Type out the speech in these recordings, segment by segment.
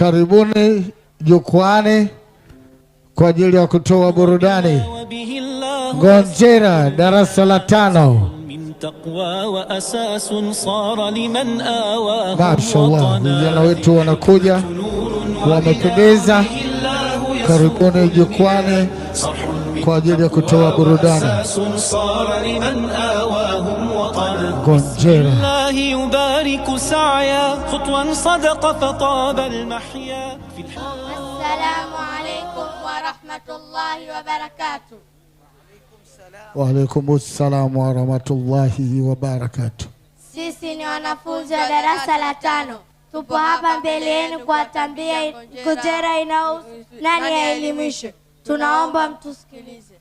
Karibuni jukwani kwa ajili ya kutoa burudani. Ngonjera darasa la tano. Mashallah, vijana wetu wanakuja wamependeza. Karibuni jukwani kwa ajili ya kutoa burudani. Gonjera Waalaikum salam wa rahmatullahi wa barakatuh. Sisi ni wanafunzi wa darasa la tano, tupo hapa mbele yenu kuwatambia kujera inayohusu nani ya Tunaomba mtusikilize.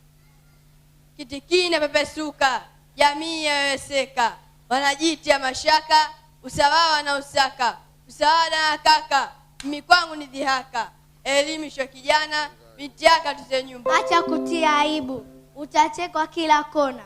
Kitikini pepesuka, jamii yaweseka, wanajiti ya mashaka, usawa usaka msaada na kaka, mikwangu ni dhihaka, elimisho kijana, binti yaka tuze nyumba. Acha kutia aibu, utachekwa kila kona,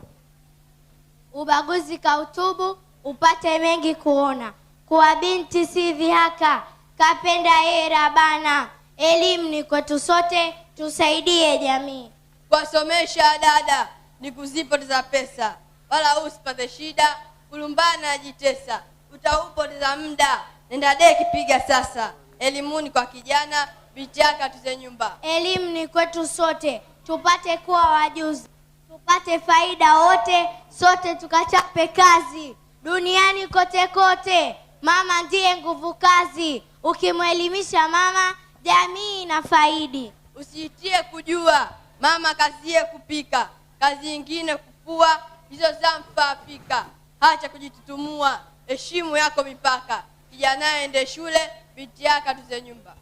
ubaguzi kautubu, upate mengi kuona, kuwa binti si dhihaka, kapenda era bana, elimu ni kwetu sote tusaidie jamii kuwasomesha dada ni kuzipoteza pesa, wala usipate shida, kulumbana najitesa, utaupoteza muda. Nenda deki piga sasa, elimuni kwa kijana, vitaka tuze nyumba. Elimu ni kwetu sote, tupate kuwa wajuzi, tupate faida wote, sote tukachape kazi duniani kote kote. Mama ndiye nguvu kazi, ukimwelimisha mama, jamii inafaidi usiitie kujua. Mama kaziye kupika, kazi ingine kufua, hizo zamfa afika. Hacha kujitutumua, heshimu yako mipaka. Kijana aende shule, binti yake atuze nyumba.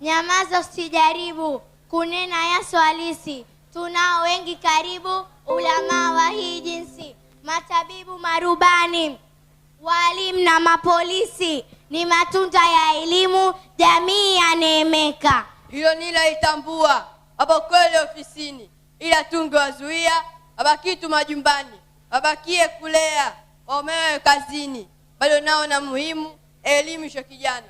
Nyamaza, usijaribu kunena yaso halisi. Tunao wengi karibu, ulamaa wa hii jinsi, matabibu, marubani, walimu na mapolisi, ni matunda ya elimu, jamii yaneemeka. Hilo nila itambua abakwele ofisini, ila tungewazuia abakitu majumbani, wabakie kulea waomewe kazini, bado nao na muhimu elimu sho kijana.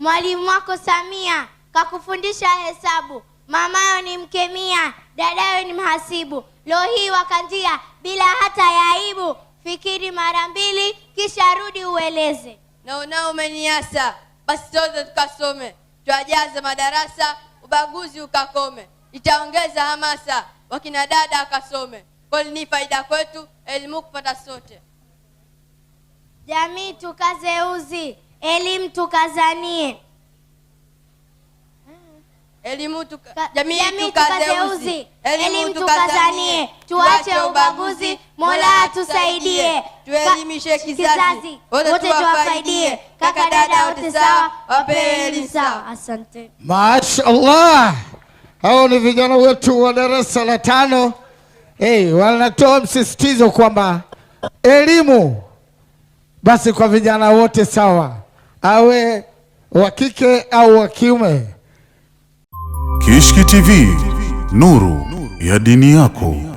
Mwalimu wako Samia kakufundisha hesabu, mamayo ni mkemia, dadayo ni mhasibu, leo hii wakanjia bila hata ya aibu. Fikiri mara mbili, kisha rudi ueleze. Naonao umeniasa, basi sote tukasome tuajaze madarasa, ubaguzi ukakome, itaongeza hamasa, wakina dada akasome. Kweli ni faida kwetu, elimu kupata sote. Jamii tukaze uzi, elimu tukazanie elimu tuka, jamii, tukaze uzi, elimu tukazanie, tuache ubaguzi Mola tusaidie tuelimishe kizazi wote, tuwafaidie kaka dada wote, sawa, wape elimu sawa. Asante, mashallah. Hao ni vijana wetu wa darasa la tano. Hey, wanatoa msisitizo kwamba elimu basi kwa vijana wote sawa, awe wa kike au wa kiume. Kishki TV, nuru ya dini yako.